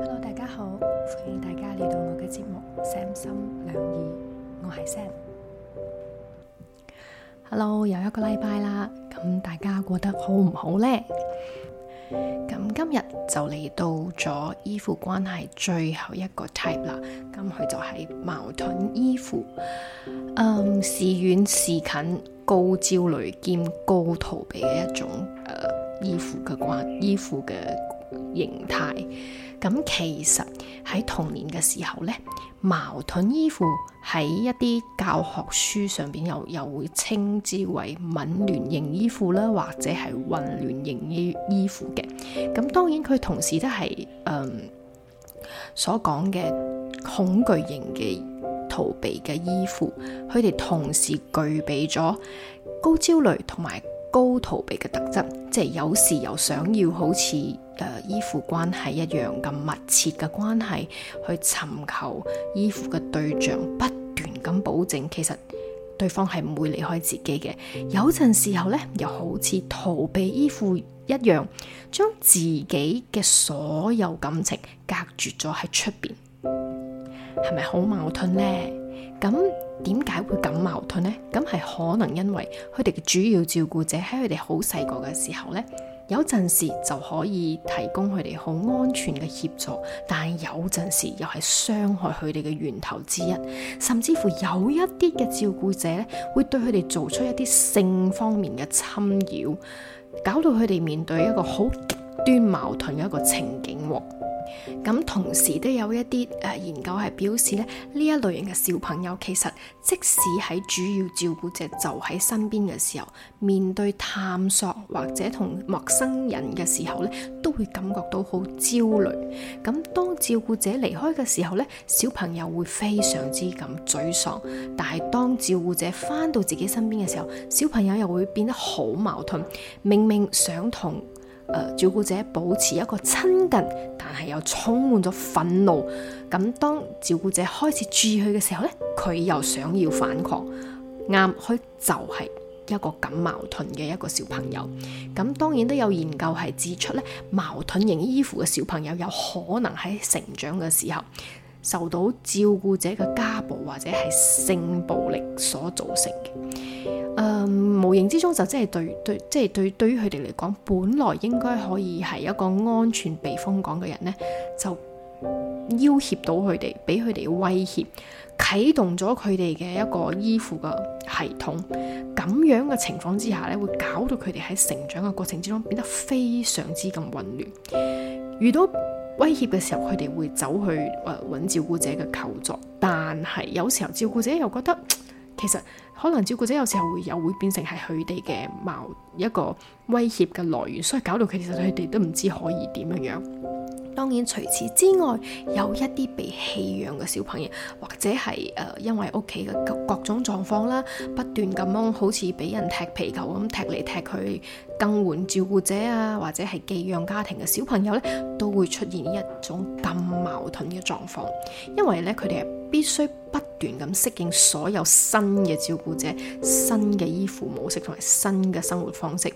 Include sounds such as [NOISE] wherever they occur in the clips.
Hello，大家好，歡迎大家嚟到我嘅節目三心兩意，我係 Sam。Hello，又一個禮拜啦，咁大家過得好唔好呢？咁今日就嚟到咗依附關係最後一個 type 啦，咁佢就係矛盾依附，嗯，時遠時近，高焦慮兼，高逃避嘅一種，誒、呃，依附嘅關，依附嘅。形態。咁其實喺童年嘅時候咧，矛盾依附喺一啲教學書上邊又又會稱之為紊亂型依附啦，或者係混亂型依依附嘅。咁當然佢同時都係誒所講嘅恐懼型嘅逃避嘅依附，佢哋同時具備咗高焦慮同埋，高逃避嘅特質，即係有時又想要好似誒依附關係一樣咁密切嘅關係，去尋求依附嘅對象，不斷咁保證，其實對方係唔會離開自己嘅。有陣時候呢，又好似逃避依附一樣，將自己嘅所有感情隔絕咗喺出邊，係咪好矛盾呢？咁點解會咁矛盾呢？咁係可能因為佢哋嘅主要照顧者喺佢哋好細個嘅時候呢，有陣時就可以提供佢哋好安全嘅協助，但係有陣時又係傷害佢哋嘅源頭之一，甚至乎有一啲嘅照顧者會對佢哋做出一啲性方面嘅侵擾，搞到佢哋面對一個好極端矛盾嘅一個情景。咁同時都有一啲誒研究係表示咧，呢一類型嘅小朋友其實即使喺主要照顧者就喺身邊嘅時候，面對探索或者同陌生人嘅時候咧，都會感覺到好焦慮。咁當照顧者離開嘅時候咧，小朋友會非常之咁沮喪。但係當照顧者返到自己身邊嘅時候，小朋友又會變得好矛盾，明明想同，呃、照顧者保持一個親近，但係又充滿咗憤怒。咁當照顧者開始注意佢嘅時候呢，佢又想要反抗。啱，佢就係、是、一個咁矛盾嘅一個小朋友。咁當然都有研究係指出咧，矛盾型依附嘅小朋友有可能喺成長嘅時候受到照顧者嘅家暴或者係性暴力所造成嘅。無形之中就即係對對即係對對於佢哋嚟講，本來應該可以係一個安全避風港嘅人呢，就要挾到佢哋，俾佢哋威脅，啟動咗佢哋嘅一個依附嘅系統。咁樣嘅情況之下呢，會搞到佢哋喺成長嘅過程之中變得非常之咁混亂。遇到威脅嘅時候，佢哋會走去誒揾照顧者嘅求助，但係有時候照顧者又覺得。其實可能照顧者有時候會又會變成係佢哋嘅矛一個威脅嘅來源，所以搞到其實佢哋都唔知可以點樣樣。當然除此之外，有一啲被棄養嘅小朋友，或者係誒、呃、因為屋企嘅各種狀況啦，不斷咁樣好似俾人踢皮球咁踢嚟踢去，更換照顧者啊，或者係寄養家庭嘅小朋友咧，都會出現一種咁矛盾嘅狀況，因為咧佢哋係。必須不斷咁適應所有新嘅照顧者、新嘅依附模式同埋新嘅生活方式，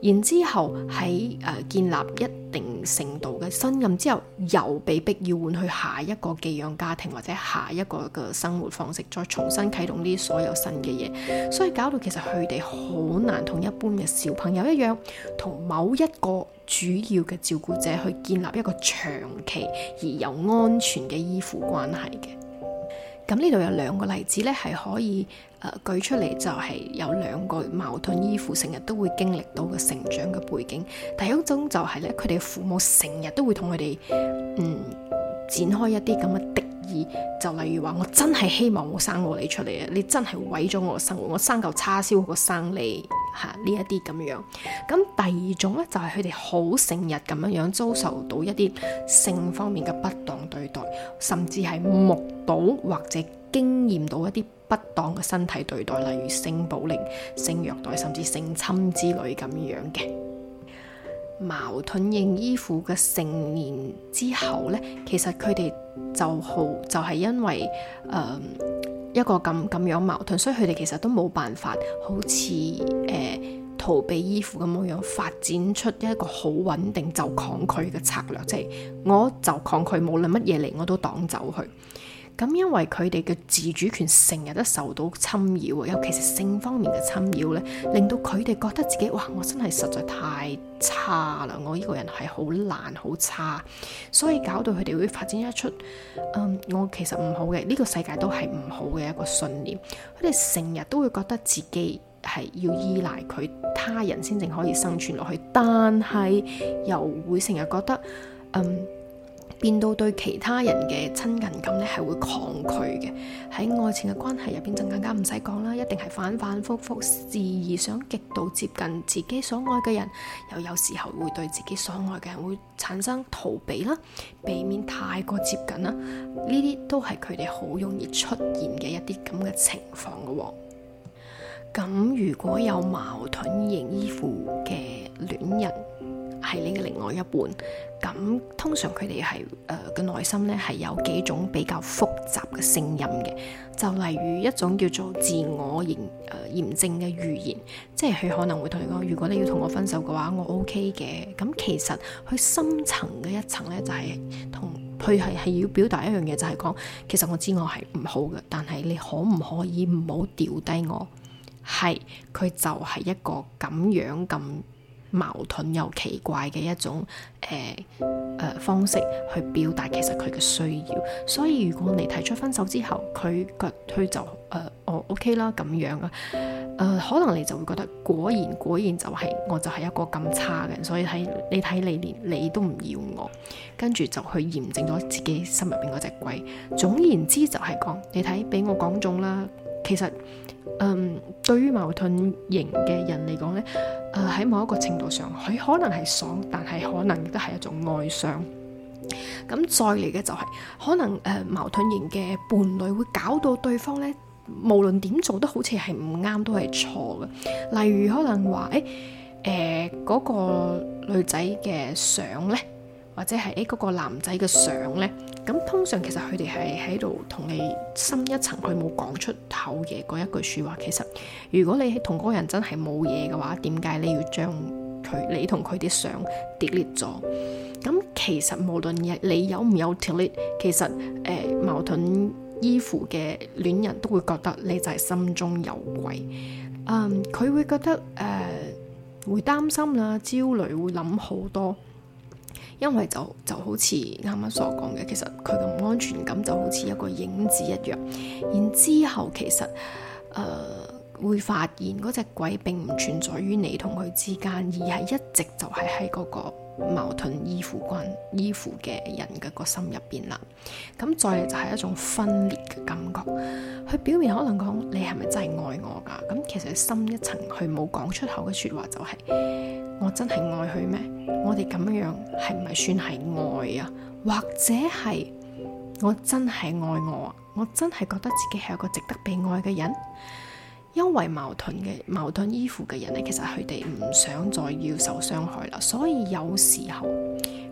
然之後喺誒建立一定程度嘅信任之後，又被逼要換去下一個寄養家庭或者下一個嘅生活方式，再重新啟動呢啲所有新嘅嘢，所以搞到其實佢哋好難同一般嘅小朋友一樣，同某一個主要嘅照顧者去建立一個長期而又安全嘅依附關係嘅。咁呢度有兩個例子咧，係可以誒、呃、舉出嚟，就係有兩個矛盾依附，成日都會經歷到嘅成長嘅背景。第一種就係咧，佢哋父母成日都會同佢哋嗯展開一啲咁嘅敵意，就例如話：我真係希望我生我你出嚟啊！你真係毀咗我嘅生活，我生嚿叉燒我，我生你。吓呢一啲咁樣，咁第二種咧就係佢哋好成日咁樣樣遭受到一啲性方面嘅不當對待，甚至係目睹或者經驗到一啲不當嘅身體對待，例如性暴力、性虐待、甚至性侵之類咁樣嘅。矛盾型依附嘅成年之後咧，其實佢哋就好就係、是、因為誒。呃一個咁咁樣矛盾，所以佢哋其實都冇辦法好似誒、呃、逃避依附咁樣發展出一個好穩定就抗拒嘅策略，即係我就抗拒，無論乜嘢嚟我都擋走佢。咁，因為佢哋嘅自主權成日都受到侵擾，尤其是性方面嘅侵擾咧，令到佢哋覺得自己哇，我真係實在太差啦！我呢個人係好爛，好差，所以搞到佢哋會發展一出，嗯，我其實唔好嘅呢、這個呢個世界都係唔好嘅一個信念。佢哋成日都會覺得自己係要依賴佢他，他人先至可以生存落去，但係又會成日覺得，嗯。變到對其他人嘅親近感呢係會抗拒嘅，喺愛情嘅關係入邊就更加唔使講啦，一定係反反复复，時而想極度接近自己所愛嘅人，又有時候會對自己所愛嘅人會產生逃避啦，避免太過接近啦，呢啲都係佢哋好容易出現嘅一啲咁嘅情況嘅。咁如果有矛盾型依附嘅戀人。係你嘅另外一半，咁通常佢哋係誒嘅內心呢，係有幾種比較複雜嘅聲音嘅，就例如一種叫做自我驗誒、呃、驗證嘅語言，即係佢可能會同你講，如果你要同我分手嘅話，我 OK 嘅。咁其實佢深層嘅一層呢，就係同佢係係要表達一樣嘢，就係、是、講，其實我知我係唔好嘅，但係你可唔可以唔好掉低我？係佢就係一個咁樣咁。矛盾又奇怪嘅一種誒誒、呃呃、方式去表達其實佢嘅需要，所以如果你提出分手之後，佢佢就誒我、呃哦、OK 啦咁樣啊，誒、呃、可能你就會覺得果然果然就係、是、我就係一個咁差嘅人，所以睇你睇你連你都唔要我，跟住就去驗證咗自己心入邊嗰隻鬼。總言之，就係講你睇俾我講中啦。其實，嗯，對於矛盾型嘅人嚟講咧，誒喺某一個程度上，佢可能係爽，但係可能亦都係一種哀傷。咁再嚟嘅就係，可能誒矛盾型嘅伴侶會搞到對方咧，無論點做都好似係唔啱，都係錯嘅。例如可能話，誒，誒嗰個女仔嘅相咧。或者係誒嗰個男仔嘅相呢，咁通常其實佢哋係喺度同你深一層，佢冇講出口嘢嗰一句説話。其實如果你同嗰個人真係冇嘢嘅話，點解你要將佢你同佢啲相 delete 咗？咁其實無論你有唔有 delete，其實誒、呃、矛盾依附嘅戀人都會覺得你就係心中有鬼。嗯，佢會覺得誒、呃、會擔心啦，焦慮會諗好多。因為就就好似啱啱所講嘅，其實佢嘅唔安全感就好似一個影子一樣。然之後其實誒、呃、會發現嗰隻鬼並唔存在於你同佢之間，而係一直就係喺嗰個矛盾依附關依附嘅人嘅個心入邊啦。咁再嚟，就係一種分裂嘅感覺。佢表面可能講，你係咪真係愛我噶？咁其實深一層，佢冇講出口嘅說話就係、是。我真係愛佢咩？我哋咁樣樣係咪算係愛啊？或者係我真係愛我啊？我真係覺得自己係一個值得被愛嘅人。因為矛盾嘅矛盾依附嘅人咧，其實佢哋唔想再要受傷害啦。所以有時候、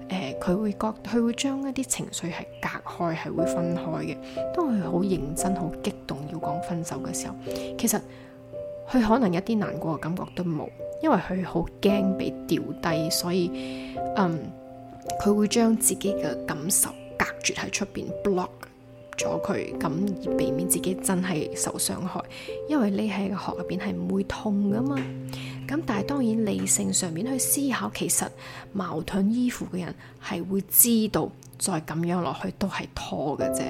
呃、佢會覺佢會將一啲情緒係隔開，係會分開嘅。當佢好認真、好激動要講分手嘅時候，其實佢可能一啲難過嘅感覺都冇。因為佢好驚被掉低，所以嗯，佢會將自己嘅感受隔絕喺出邊 block 咗佢，咁而避免自己真係受傷害。因為匿喺個殼入邊係唔會痛噶嘛。咁但係當然理性上面去思考，其實矛盾依附嘅人係會知道，再咁樣落去都係拖嘅啫。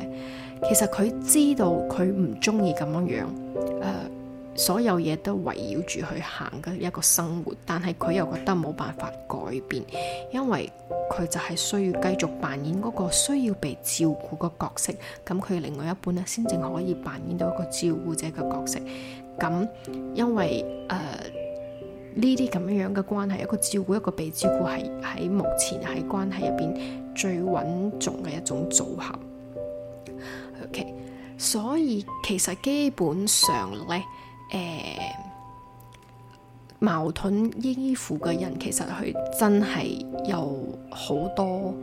其實佢知道佢唔中意咁樣樣，誒、呃。所有嘢都圍繞住去行嘅一個生活，但係佢又覺得冇辦法改變，因為佢就係需要繼續扮演嗰個需要被照顧嘅角色。咁佢另外一半咧，先至可以扮演到一個照顧者嘅角色。咁因為誒呢啲咁樣樣嘅關係，一個照顧一個被照顧，係喺目前喺關係入邊最穩重嘅一種組合。OK，所以其實基本上咧。誒，矛盾依附嘅人其實佢真係有好多，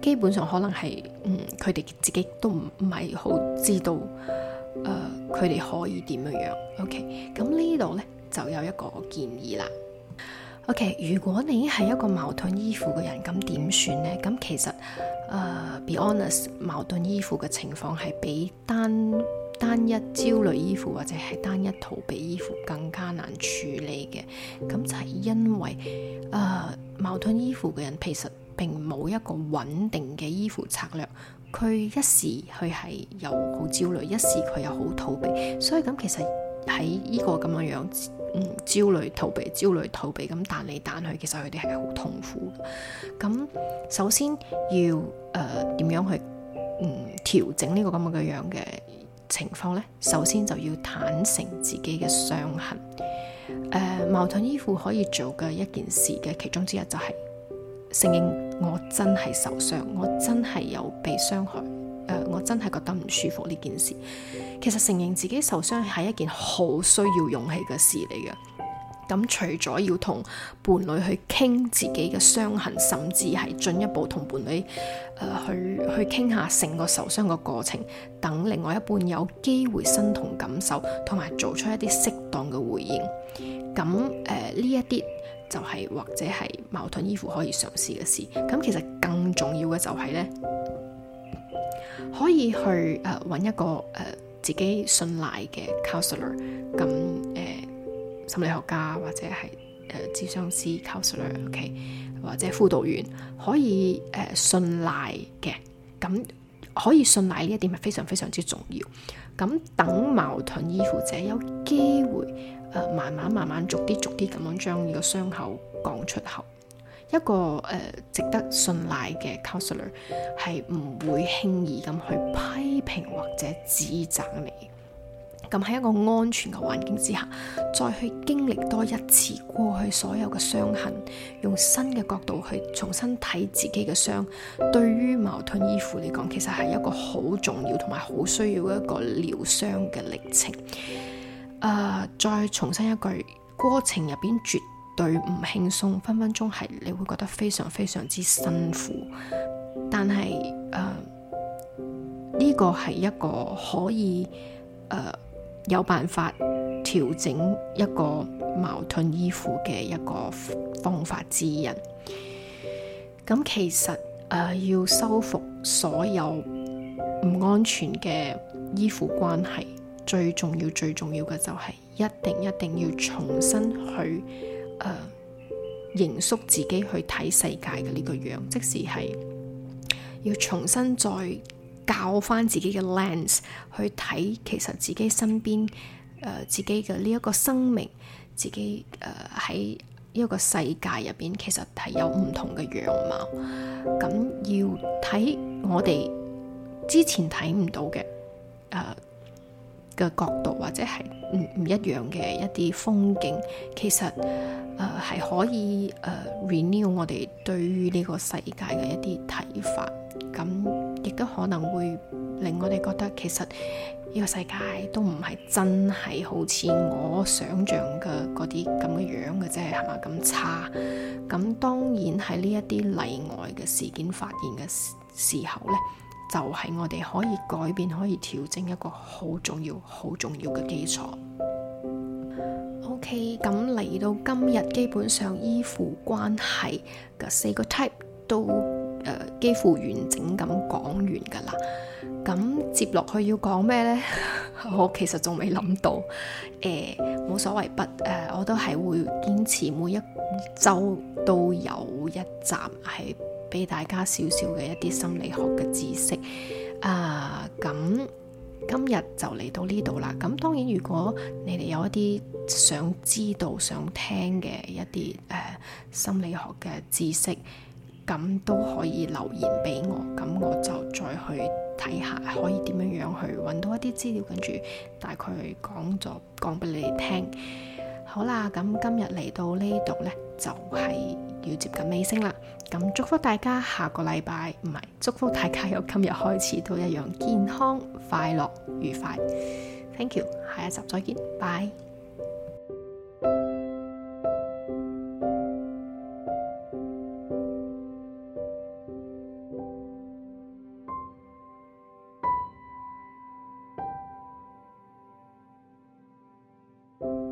基本上可能係，嗯，佢哋自己都唔唔係好知道，誒、呃，佢哋可以點樣樣？OK，咁呢度咧就有一個建議啦。OK，如果你係一個矛盾依附嘅人，咁點算呢？咁其實誒、呃，be honest，矛盾依附嘅情況係比單。單一焦慮依附，或者係單一逃避依附更加難處理嘅，咁就係因為誒、呃、矛盾依附嘅人其實並冇一個穩定嘅依附策略，佢一時佢係又好焦慮，一時佢又好逃避，所以咁其實喺呢個咁嘅樣，嗯，焦慮逃避，焦慮逃避，咁彈嚟彈去，其實佢哋係好痛苦。咁首先要誒點、呃、樣去嗯調整呢個咁嘅樣嘅情況咧，首先就要坦誠自己嘅傷痕。誒、呃，矛盾依附可以做嘅一件事嘅其中之一就係、是、承認我真係受傷，我真係有被傷害。誒、呃，我真係覺得唔舒服呢件事。其實承認自己受傷係一件好需要勇氣嘅事嚟嘅。咁除咗要同伴侶去傾自己嘅傷痕，甚至係進一步同伴侶誒、呃、去去傾下成個受傷嘅過程，等另外一半有機會身同感受，同埋做出一啲適當嘅回應。咁誒呢一啲就係或者係矛盾依附可以嘗試嘅事。咁、嗯、其實更重要嘅就係咧，可以去誒揾、呃、一個誒、呃、自己信賴嘅 counselor、嗯。咁、呃、誒。心理學家或者係誒、呃，諮詢師 counselor，ok、okay? 或者輔導員可以誒、呃、信賴嘅，咁可以信賴呢一點係非常非常之重要。咁等矛盾依附者有機會誒、呃，慢慢慢慢逐啲逐啲咁樣將呢個傷口講出口。一個誒、呃、值得信賴嘅 counselor 係唔會輕易咁去批評或者指責你。咁喺一個安全嘅環境之下，再去經歷多一次過去所有嘅傷痕，用新嘅角度去重新睇自己嘅傷，對於矛盾依附嚟講，其實係一個好重要同埋好需要嘅一個療傷嘅歷程。誒、呃，再重申一句，過程入邊絕對唔輕鬆，分分鐘係你會覺得非常非常之辛苦。但係誒、呢、呃這個係一個可以誒。呃有辦法調整一個矛盾依附嘅一個方法之一，咁其實誒、呃、要修復所有唔安全嘅依附關係，最重要最重要嘅就係、是、一定一定要重新去誒認識自己去睇世界嘅呢、這個樣，即使係要重新再。教翻自己嘅 lens 去睇，其實自己身邊誒、呃、自己嘅呢一個生命，自己誒喺呢一個世界入邊，其實係有唔同嘅樣貌。咁、嗯、要睇我哋之前睇唔到嘅誒嘅角度，或者係唔唔一樣嘅一啲風景，其實誒係、呃、可以誒、呃、renew 我哋對於呢個世界嘅一啲睇法。咁、嗯亦都可能會令我哋覺得，其實呢個世界都唔係真係好似我想象嘅嗰啲咁嘅樣嘅，啫。係係嘛咁差。咁當然喺呢一啲例外嘅事件發現嘅時候呢，就係、是、我哋可以改變、可以調整一個好重要、好重要嘅基礎。OK，咁嚟到今日，基本上依附關係嘅四個 type 都。誒，幾乎完整咁講完噶啦，咁接落去要講咩呢？ [LAUGHS] 我其實仲未諗到，誒、欸，冇所謂不，誒，我都係會堅持每一周都有一集係俾大家少少嘅一啲心理學嘅知識啊。咁今日就嚟到呢度啦。咁當然，如果你哋有一啲想知道、想聽嘅一啲誒、呃、心理學嘅知識，咁都可以留言俾我，咁我就再去睇下，可以點樣樣去揾到一啲資料，跟住大概講咗講俾你哋聽。好啦，咁今日嚟到呢度呢，就係要接近尾聲啦。咁祝福大家下個禮拜，唔係，祝福大家由今日開始都一樣健康快樂愉快。Thank you，下一集再見，拜。